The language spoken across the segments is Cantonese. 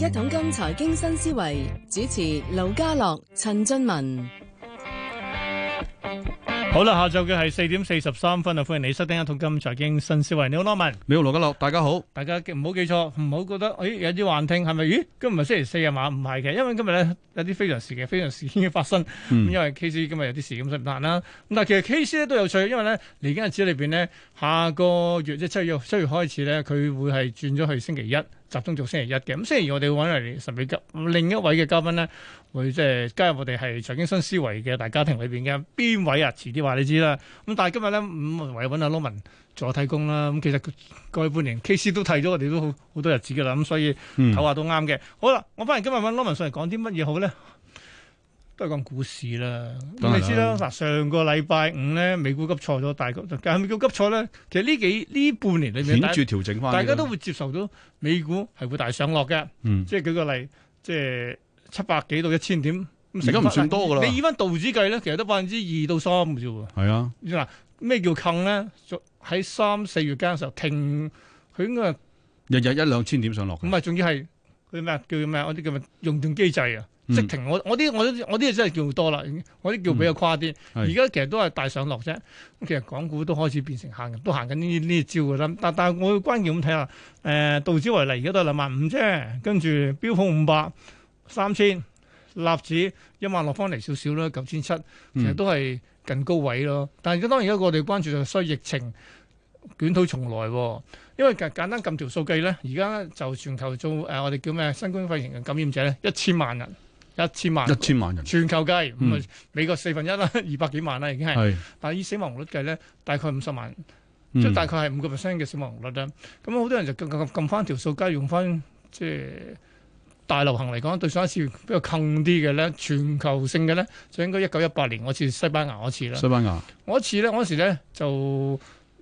一桶金財經新思維主持劉家樂、陳俊文，好啦，下晝嘅係四點四十三分啊！歡迎你收聽一桶金財經新思維。你好，羅文。你好，劉家樂，大家好。大家唔好記錯，唔好覺得，哎，有啲幻聽係咪？咦，今日星期四啊嘛？唔係嘅，因為今日咧有啲非常時期、非常事件嘅發生。嗯，因為 K C 今日有啲事咁，所以唔得閒啦。咁但係其實 K C 咧都有趣，因為咧嚟緊日子裏邊呢，下個月即係七月、七月、七月開始咧，佢會係轉咗去星期一。集中做星期一嘅，咁星期二我哋會揾嚟神秘金另一位嘅嘉賓咧，會即係加入我哋係財經新思維嘅大家庭裏邊嘅，邊位啊？遲啲話你知啦。咁但係今日咧，五維揾阿 Lovin 做替工啦。咁其實過去半年 KC 都睇咗我哋都好好多日子噶啦。咁所以口話都啱嘅。嗯、好啦，我翻嚟今日揾 Lovin 上嚟講啲乜嘢好咧？都係講股市啦，咁、嗯、你知啦，嗱上個禮拜五咧，美股急挫咗大個，但係咪叫急挫咧？其實呢幾呢半年你睇住調整翻，大家都會接受到美股係會大上落嘅，嗯、即係舉個例，即係七百幾到一千點，而家唔算多噶啦。你以翻道指計咧，其實得百分之二到三嘅啫喎。係啊，嗱咩叫坑咧？喺三四月間嘅時候停，停佢應該日日一兩千點上落嘅。咁啊，仲要係佢咩叫咩？我啲叫，叫熔斷機制啊！即停、嗯、我我啲我我啲真係叫多啦，我啲叫比較誇啲。而家、嗯、其實都係大上落啫。咁其實港股都開始變成行，都行緊呢呢招噶啦。但但係我關鍵咁睇下，誒、呃、道指為例而，而家都係兩萬五啫。跟住標普五百、三千、納指萬一萬落翻嚟少少啦，九千七，其實都係近高位咯。但係當然而家我哋關注就係疫情捲土重來喎。因為簡簡單撳條數計咧，而家就全球做誒、呃、我哋叫咩新冠肺炎嘅感染者咧，一千萬人。一千萬一千萬人，1> 1, 000, 嗯、全球計，咁啊美國四分一啦，二百幾萬啦，已經係，是但係以死亡率計咧，大概五十萬，嗯、即係大概係五個 percent 嘅死亡率啦。咁好多人就撳撳撳翻條數，加用翻即係大流行嚟講，對上一次比較近啲嘅咧，全球性嘅咧，就應該一九一八年我次西班牙嗰次啦。西班牙，我一次咧，嗰陣時咧就。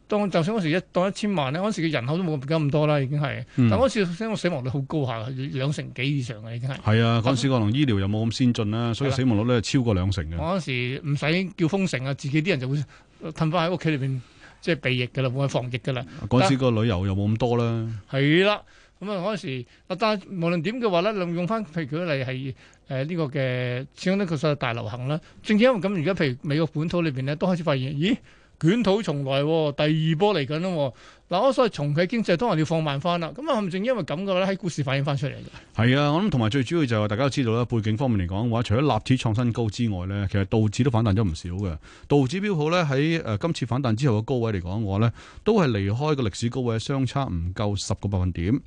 當就算嗰時一當一千萬咧，嗰時嘅人口都冇咁冇咁多啦，已經係。嗯、但嗰時死亡率好高下，兩成幾以上嘅已經係。係啊，但嗰時可能醫療又冇咁先進啦，所以死亡率咧超過兩成嘅。嗰時唔使叫封城啊，自己啲人就會困翻喺屋企裏邊，即係避疫嘅啦，冇去防疫嘅啦。嗰時個旅遊又冇咁多啦。係啦，咁啊嗰時，但係無論點嘅話咧，用用翻譬如舉例係誒呢個嘅始終呢確實係大流行啦。正因為咁，而家譬如美國本土裏邊咧都開始發現，咦？捲土重來，第二波嚟緊啦！嗱，我所謂重啟經濟，當然要放慢翻啦。咁係咪正因為咁嘅話咧，喺股市反映翻出嚟嘅？係啊，我諗同埋最主要就係、是、大家都知道啦。背景方面嚟講嘅話，除咗納指創新高之外咧，其實道指都反彈咗唔少嘅。道指標普咧喺誒今次反彈之後嘅高位嚟講嘅話咧，都係離開個歷史高位相差唔夠十個百分點。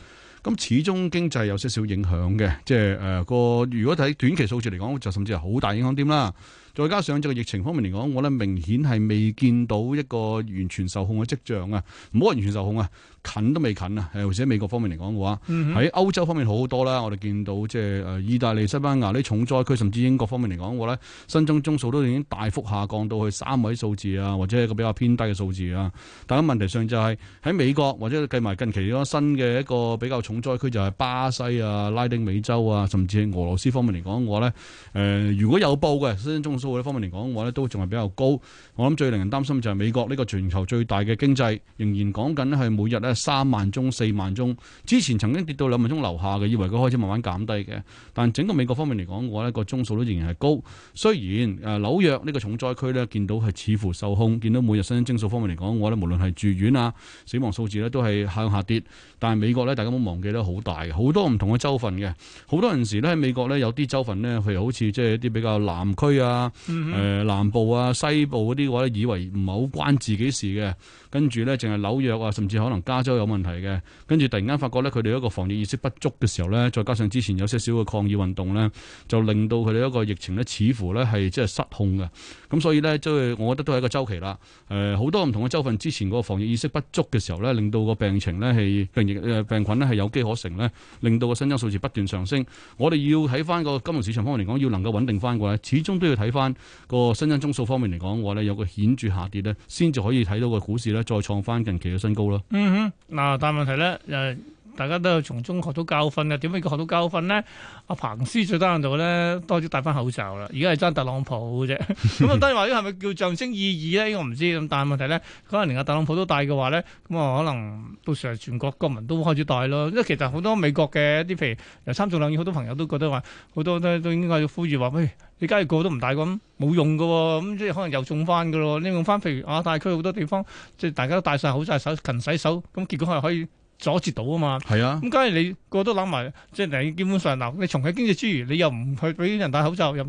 咁始終經濟有些少影響嘅，即係誒個如果睇短期數字嚟講，就甚至係好大影響點啦。再加上即係疫情方面嚟講，我咧明顯係未見到一個完全受控嘅跡象啊！唔好話完全受控啊，近都未近啊！誒，或者美國方面嚟講嘅話，喺、嗯、哼歐洲方面好多啦。我哋見到即係誒意大利、西班牙啲重災區甚至英國方面嚟講嘅話咧，新增宗數都已經大幅下降到去三位數字啊，或者一個比較偏低嘅數字啊。但係問題上就係、是、喺美國或者計埋近期個新嘅一個比較重災區就係、是、巴西啊、拉丁美洲啊，甚至係俄羅斯方面嚟講嘅話咧，誒、呃、如果有報嘅新增宗。數方面嚟講嘅話咧，都仲係比較高。我諗最令人擔心就係美國呢個全球最大嘅經濟，仍然講緊咧係每日呢三萬宗、四萬宗。之前曾經跌到兩萬宗樓下嘅，以為佢開始慢慢減低嘅，但整個美國方面嚟講嘅話，呢個宗數都仍然係高。雖然誒紐約呢個重災區呢，見到係似乎受控，見到每日新增數方面嚟講嘅話呢，無論係住院啊、死亡數字呢，都係向下，下跌。但係美國呢，大家都忘記得好大好多唔同嘅州份嘅，好多陣時咧喺美國呢，有啲州份呢，譬如好似即係一啲比較南區啊。誒，嗯、南部啊、西部嗰啲話咧，以為唔係好關自己事嘅，跟住咧，淨係紐約啊，甚至可能加州有問題嘅，跟住突然間發覺咧，佢哋一個防疫意識不足嘅時候咧，再加上之前有些少嘅抗議運動咧，就令到佢哋一個疫情咧，似乎咧係即係失控嘅。咁所以咧，即係我覺得都係一個周期啦。誒、呃，好多唔同嘅州份之前嗰個防疫意識不足嘅時候咧，令到個病情咧係病疫、誒病菌咧係有機可乘咧，令到個新增數字不斷上升。我哋要睇翻個金融市場方面嚟講，要能夠穩定翻過嚟，始終都要睇翻。個新增宗數方面嚟講嘅話咧，有個顯著下跌咧，先至可以睇到個股市咧再創翻近期嘅新高咯。嗯哼，嗱，但係問題咧誒。大家都有從中學到教訓嘅，點樣學到教訓呢？阿彭斯最低難度咧，都開始戴翻口罩啦。而家係爭特朗普嘅啫，咁當然話呢係咪叫象徵意義咧？呢個唔知咁，但係問題咧，可能連阿特朗普都戴嘅話咧，咁啊可能到時係全國國民都開始戴咯。因為其實好多美國嘅啲譬如由參眾兩院，好多朋友都覺得話，好多都都應該要呼籲話喂、哎，你假如個個都唔戴咁冇用嘅喎，咁即係可能又中翻嘅咯。你用翻譬如亞太區好多地方，即係大家都戴曬口罩、勤洗手，咁結果係可以。阻截到啊嘛，啊，咁梗係你個個都諗埋，即係你基本上嗱，你重啟經濟之餘，你又唔去俾啲人戴口罩，又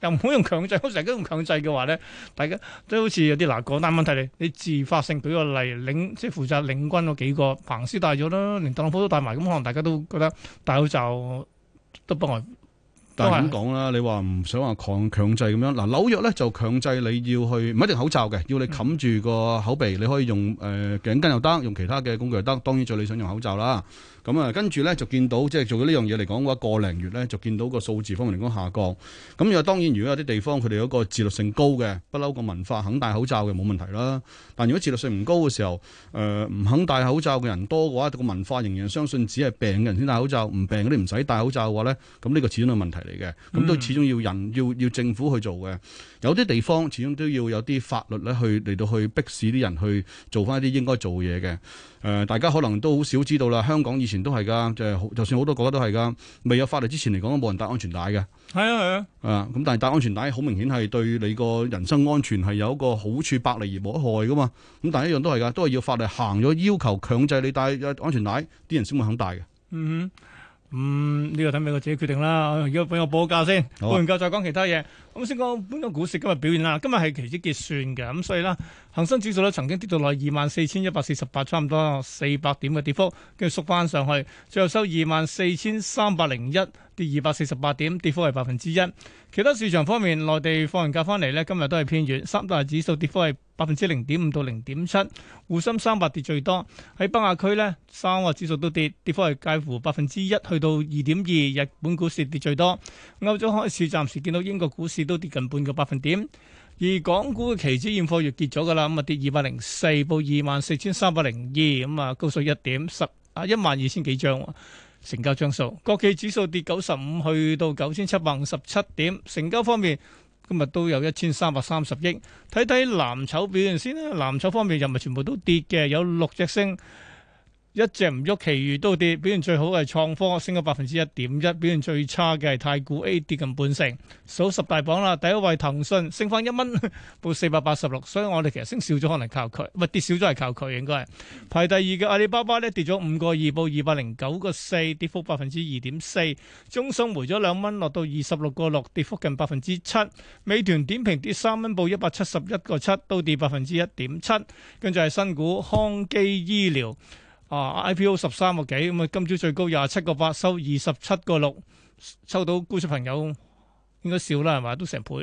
又唔好用強制，我成日都用強制嘅話咧，大家都好似有啲難過。但係問題你，你自發性舉個例，領即係負責領軍嗰幾個彭斯戴咗啦，連特朗普都戴埋，咁可能大家都覺得戴口罩都不外。但係咁講啦，你話唔想話強強制咁樣嗱，紐約咧就強制你要去唔一定口罩嘅，要你冚住個口鼻，你可以用誒、呃、頸巾又得，用其他嘅工具又得。當然最理想用口罩啦。咁、嗯、啊，跟住咧就見到即係做咗呢樣嘢嚟講嘅話，個零月咧就見到個數字方面嚟講下降。咁、嗯、又當然，如果有啲地方佢哋嗰個自律性高嘅，不嬲個文化肯戴口罩嘅冇問題啦。但如果自律性唔高嘅時候，誒、呃、唔肯戴口罩嘅人多嘅話，個文化仍然相信只係病嘅人先戴口罩，唔病嗰啲唔使戴口罩嘅話咧，咁呢個始終有問題。嚟嘅，咁都、嗯、始終要人，要要政府去做嘅。有啲地方始終都要有啲法律咧，去嚟到去逼使啲人去做翻一啲應該做嘢嘅。誒、呃，大家可能都好少知道啦。香港以前都係噶，即係就算好多國家都係噶。未有法律之前嚟講，都冇人戴安全帶嘅。係啊係啊。啊，咁、呃、但係戴安全帶好明顯係對你個人生安全係有一個好處，百利而無一害噶嘛。咁但係一樣都係噶，都係要法律行咗要求強制你戴安全帶，啲人先會肯戴嘅。嗯。咁呢、嗯這個等俾我自己決定啦。如果等我報個價先，啊、報完價再講其他嘢。咁先講本個股市今日表現啦。今日係期指結算嘅，咁所以啦，恒生指數咧曾經跌到落二萬四千一百四十八，差唔多四百點嘅跌幅，跟住縮翻上去，最後收二萬四千三百零一，跌二百四十八點，跌幅係百分之一。其他市場方面，內地放完假翻嚟呢，今日都係偏軟，三大指數跌幅係。百分之零點五到零點七，滬深三百跌最多，喺北亞區呢，三個指數都跌，跌幅係介乎百分之一去到二點二，日本股市跌最多，嗯，歐洲開始暫時見到英國股市都跌近半個百分點，而港股嘅期指現貨月跌咗噶啦，咁啊跌二百零四報二萬四千三百零二，咁啊高數一點十啊一萬二千幾張成交張數，國企指數跌九十五去到九千七百五十七點，成交方面。今日都有一千三百三十億。睇睇藍籌表現先啦，藍籌方面又唔係全部都跌嘅，有六隻升。一隻唔喐，其餘都跌。表現最好嘅係創科，升咗百分之一點一。表現最差嘅係太古 A 跌近半成。數十大榜啦，第一位騰訊升翻一蚊，報四百八十六。所以我哋其實升少咗，可能靠佢，唔係跌少咗係靠佢應該係排第二嘅阿里巴巴呢跌咗五個二，報二百零九個四，跌幅百分之二點四。中芯回咗兩蚊，落到二十六個六，跌幅近百分之七。美團點評跌三蚊，報一百七十一個七，都跌百分之一點七。跟住係新股康基醫療。啊！IPO 十三個幾咁啊，今朝最高廿七個八，收二十七個六，收到高息朋友應該少啦，係嘛？都成倍。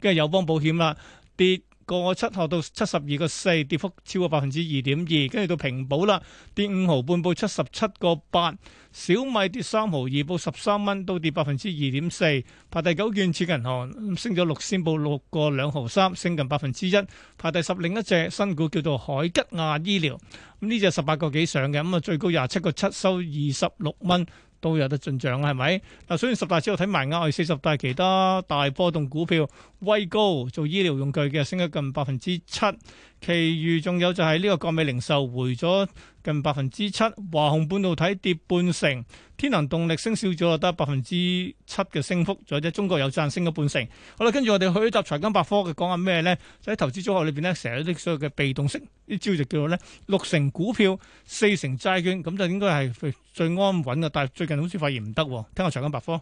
跟住友邦保險啦跌，個七毫到七十二個四，跌幅超過百分之二點二，跟住到平保啦，跌五毫半報七十七個八，小米跌三毫二報十三蚊，都跌百分之二點四，排第九。建設銀行升咗六仙，報六個兩毫三，升近百分之一，排第十。另一隻新股叫做海吉亞醫療，咁呢隻十八個幾上嘅，咁啊最高廿七個七收二十六蚊。都有得進漲啦，係咪？嗱，所以十大之後睇埋啊，額外四十大其他大波動股票，威高做醫療用具嘅，升咗近百分之七。其餘仲有就係呢個國美零售回咗近百分之七，華虹半導體跌半成，天能動力升少咗得百分之七嘅升幅，再者中國有贊升咗半成。好啦，跟住我哋去一集財金百科嘅，講緊咩咧？就喺投資組合裏邊咧，成日啲所有嘅被動式啲招式叫做咧六成股票，四成債券，咁就應該係最安穩嘅。但係最近好似發現唔得，聽下財金百科。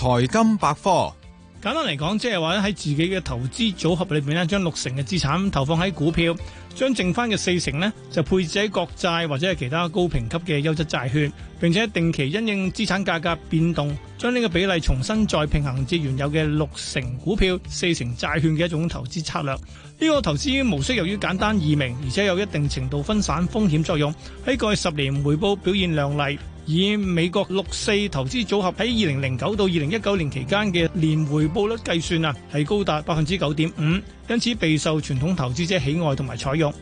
財金百科簡單嚟講，即係話咧喺自己嘅投資組合裏邊咧，將六成嘅資產投放喺股票，將剩翻嘅四成呢，就配置喺國債或者係其他高評級嘅優質債券，並且定期因應資產價格變動，將呢個比例重新再平衡至原有嘅六成股票，四成債券嘅一種投資策略。呢個投資模式由於簡單易明，而且有一定程度分散風險作用，喺過去十年回報表現亮麗。以美國六四投資組合喺二零零九到二零一九年期間嘅年回報率計算啊，係高達百分之九點五，因此備受傳統投資者喜愛同埋採用。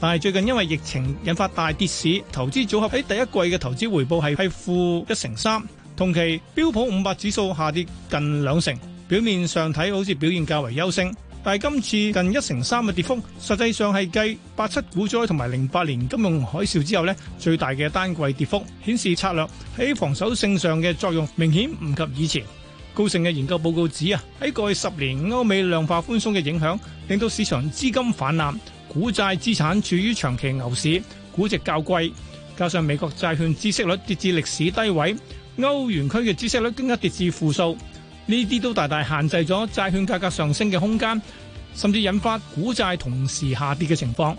但係最近因為疫情引發大跌市，投資組合喺第一季嘅投資回報係係負一成三，同期標普五百指數下跌近兩成，表面上睇好似表現較為優勝。但係今次近一成三嘅跌幅，實際上係繼八七股災同埋零八年金融海嘯之後咧，最大嘅單季跌幅，顯示策略喺防守性上嘅作用明顯唔及以前。高盛嘅研究報告指啊，喺過去十年歐美量化寬鬆嘅影響令到市場資金氾濫，股債資產處於長期牛市，估值較貴，加上美國債券孳息率跌至歷史低位，歐元區嘅孳息率更加跌至負數。呢啲都大大限制咗債券價格上升嘅空間，甚至引發股債同時下跌嘅情況。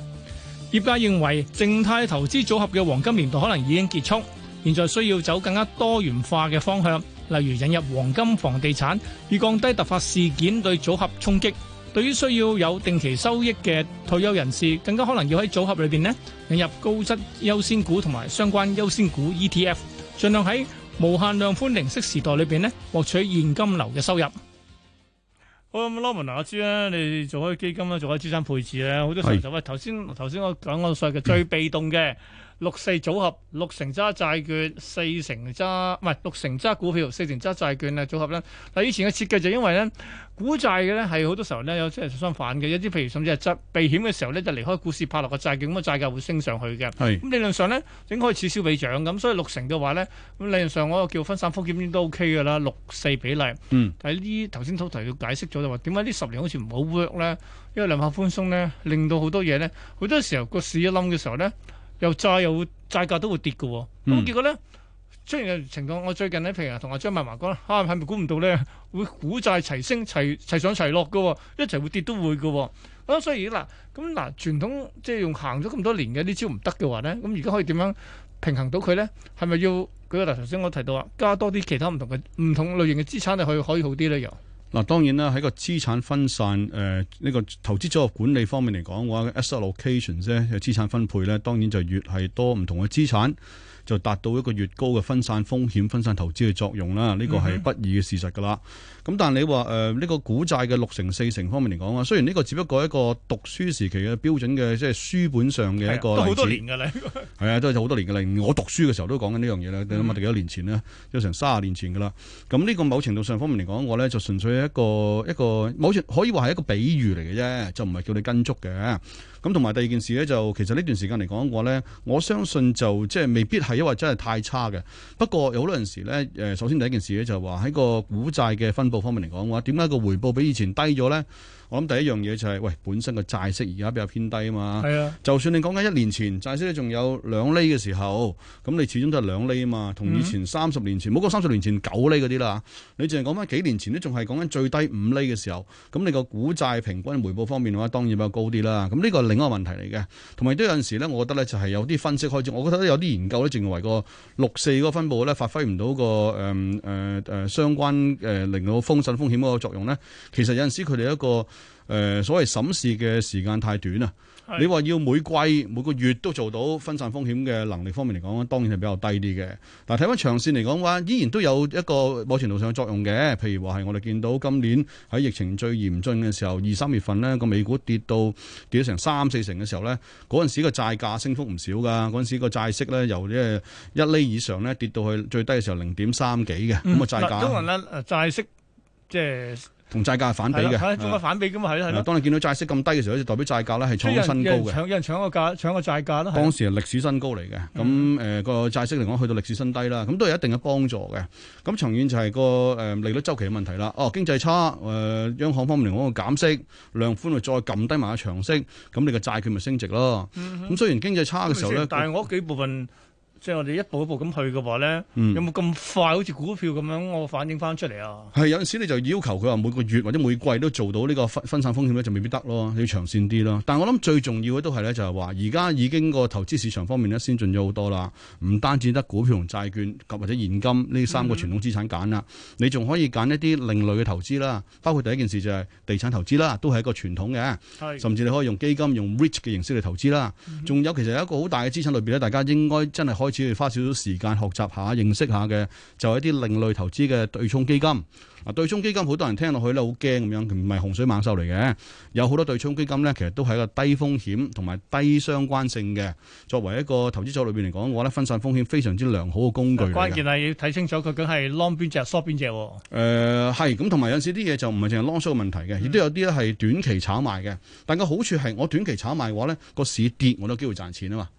業界認為靜態投資組合嘅黃金年代可能已經結束，現在需要走更加多元化嘅方向，例如引入黃金、房地產，以降低突發事件對組合衝擊。對於需要有定期收益嘅退休人士，更加可能要喺組合裏邊呢引入高質優先股同埋相關優先股 ETF，盡量喺。無限量寬零息時代裏邊咧，獲取現金流嘅收入。好，咁，羅文啊，阿朱咧，你做開基金咧，做開資產配置咧，好多時候。喂，頭先頭先我講個稅嘅最被動嘅。六四組合，六成揸債券，四成揸唔係六成揸股票，四成揸債券啊！組合咧，嗱，以前嘅設計就因為咧股債嘅咧係好多時候咧有即係相反嘅，有啲譬如甚至係執避險嘅時候咧就離開股市拍落個債券咁，債價會升上去嘅。係咁是理論上咧，你可以此消彼長咁，所以六成嘅話咧咁理論上我叫分散風險都 OK 㗎啦，六四比例。嗯。但係呢頭先都提咗解釋咗就話點解呢十年好似唔好 work 咧？因為量化寬鬆咧，令到好多嘢咧好多時候個市一冧嘅時候咧。又債又會債價都會跌嘅、哦，咁、嗯、結果咧出現嘅情況，我最近咧譬如同阿張文華講啦，嚇係咪估唔到咧會股債齊升、齊齊上齊落嘅、哦，一齊會跌都會嘅、哦，咁、啊、所以嗱咁嗱傳統即係用行咗咁多年嘅啲招唔得嘅話咧，咁而家可以點樣平衡到佢咧？係咪要舉個例頭先我提到話加多啲其他唔同嘅唔同類型嘅資產，你可以可以好啲咧又？嗱，當然啦，喺個資產分散誒呢、呃這個投資組合管理方面嚟講嘅話，asset allocation 啫，資、mm hmm. 產分配咧，當然就越係多唔同嘅資產，就達到一個越高嘅分散風險、分散投資嘅作用啦。呢、這個係不二嘅事實㗎啦。咁但係你話誒呢個股債嘅六成四成方面嚟講啊，雖然呢個只不過一個讀書時期嘅標準嘅即係書本上嘅一個例子，都好多年㗎啦，係啊， 都係有好多年嘅例子。我讀書嘅時候都講緊呢樣嘢啦，你諗下幾多年前啦，嗯、有成三十年前㗎啦。咁、這、呢個某程度上方面嚟講，我咧就純粹係一個一個，某程度可以話係一個比喻嚟嘅啫，就唔係叫你跟足嘅。咁同埋第二件事咧，就其實呢段時間嚟講，我咧我相信就即係未必係因為真係太差嘅。不過有好多陣時咧，誒首先第一件事咧就係話喺個股債嘅分佈。方面嚟講嘅話，點解個回報比以前低咗咧？我諗第一樣嘢就係、是，喂，本身個債息而家比較偏低啊嘛。係啊，就算你講緊一年前債息咧仲有兩厘嘅時候，咁你始終都係兩厘啊嘛。同以前三十年前，冇講三十年前九厘嗰啲啦，你淨係講返幾年前咧，仲係講緊最低五厘嘅時候，咁你個股債平均回報方面嘅話，當然比較高啲啦。咁呢個係另一個問題嚟嘅，同埋都有陣時咧，我覺得咧就係有啲分析開始，我覺得有啲研究咧、那個，認為個六四嗰個分布咧發揮唔到個誒誒誒相關誒令到風險風險嗰個作用咧。其實有陣時佢哋一個。誒、呃，所謂審視嘅時間太短啊！是的 你話要每季每個月都做到分散風險嘅能力方面嚟講，當然係比較低啲嘅。但睇翻長線嚟講嘅話，依然都有一個某程度上嘅作用嘅。譬如話係我哋見到今年喺疫情最嚴峻嘅時候，二三月份咧個美股跌到跌咗成三四成嘅時候咧，嗰陣時個債價升幅唔少噶，嗰陣時個債息咧由即係一厘以上咧跌到去最低嘅時候零點三幾嘅咁嘅債價。當然啦，債息即係。同債價係反比嘅，做乜反比咁嘛？係啦，係啦。當你見到債息咁低嘅時候，就代表債價咧係創新高嘅。搶有人搶個價，搶個債價啦。當時係歷史新高嚟嘅。咁誒、嗯，個債、呃、息嚟講去到歷史新低啦。咁都有一定嘅幫助嘅。咁長遠就係個誒利率周期嘅問題啦。哦、啊，經濟差誒、呃，央行方面嚟講個減息量寬，咪再撳低埋個長息。咁你個債券咪升值咯。咁、嗯、哼雖然經濟差嘅時候咧，嗯、哼但係我幾部分。即係我哋一步一步咁去嘅話咧、嗯，有冇咁快好似股票咁樣我反應翻出嚟啊？係有陣時你就要求佢話每個月或者每季都做到呢個分分散風險咧，就未必得咯，要長線啲咯。但係我諗最重要嘅都係咧，就係話而家已經個投資市場方面咧先進咗好多啦。唔單止得股票同債券及或者現金呢三個傳統資產揀啦，嗯、你仲可以揀一啲另類嘅投資啦。包括第一件事就係地產投資啦，都係一個傳統嘅，甚至你可以用基金用 REIT 嘅形式嚟投資啦。仲有其實有一個好大嘅資產裏邊咧，大家應該真係可以。只要花少少時間學習下、認識下嘅，就係一啲另類投資嘅對沖基金。啊，對沖基金好多人聽落去咧，好驚咁樣，唔係洪水猛獸嚟嘅。有好多對沖基金咧，其實都係一個低風險同埋低相關性嘅，作為一個投資組裏邊嚟講嘅話咧，分散風險非常之良好嘅工具。關鍵係要睇清楚佢究竟係 long 邊隻 short 邊隻。誒，係咁，同埋有陣時啲嘢就唔係淨係 long short 嘅問題嘅，亦都有啲咧係短期炒賣嘅。但個好處係我短期炒賣嘅話咧，個市跌我都有機會賺錢啊嘛。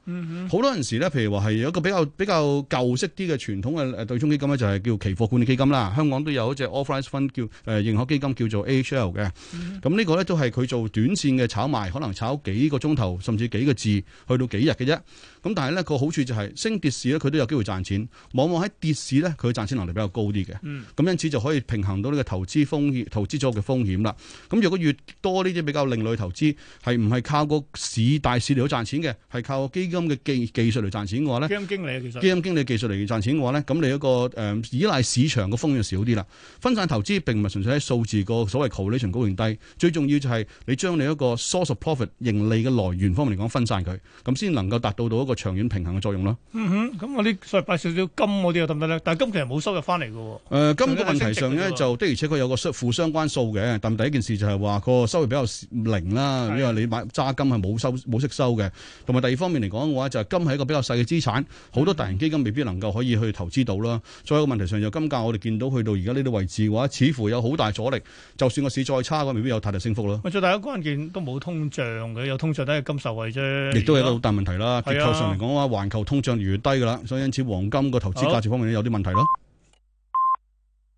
好多陣時咧，譬如話係有一個比較比較舊式啲嘅傳統嘅誒對沖基金咧，就係叫期貨管理基金啦。香港都有一隻叫誒認可基金叫做 AHL 嘅，咁、嗯、哼呢個咧都係佢做短線嘅炒賣，可能炒幾個鐘頭，甚至幾個字，去到幾日嘅啫。咁但係咧個好處就係升跌市咧，佢都有機會賺錢。往往喺跌市咧，佢賺錢能力比較高啲嘅。咁、嗯、因此就可以平衡到呢個投資風險、投資咗嘅風險啦。咁如果越多呢啲比較另類投資，係唔係靠個市大市嚟去賺錢嘅，係靠基金嘅技技術嚟賺錢嘅話咧？基金經理技術基金經理技術嚟賺錢嘅話咧，咁你一個誒依賴市場嘅風險就少啲啦。分但投資並唔係純粹喺數字個所謂 correlation 高定低，最重要就係你將你一個 source of profit 盈利嘅來源方面嚟講分散佢，咁先能夠達到到一個長遠平衡嘅作用咯。嗯咁我呢，嗯嗯、所謂擺少少金嗰啲又得唔得咧？但係金其實冇收入翻嚟嘅。誒、呃，金嘅問題上咧，就的而且確有個負相關數嘅，但第一件事就係話個收益比較零啦，的因為你買揸金係冇收冇息收嘅，同埋第二方面嚟講嘅話，就係、是、金係一個比較細嘅資產，好多大型基金未必能夠可以去投資到啦。再一個問題上就金價，我哋見到去到而家呢啲位置。似乎有好大阻力，就算個市再差，咁未必有太大升幅咯。最大嘅關鍵都冇通脹嘅，有通脹都係金受惠啫。亦都係一個好大問題啦。啊、結構上嚟講啊，環球通脹越嚟越低噶啦，所以因此黃金個投資價值方面有啲問題咯。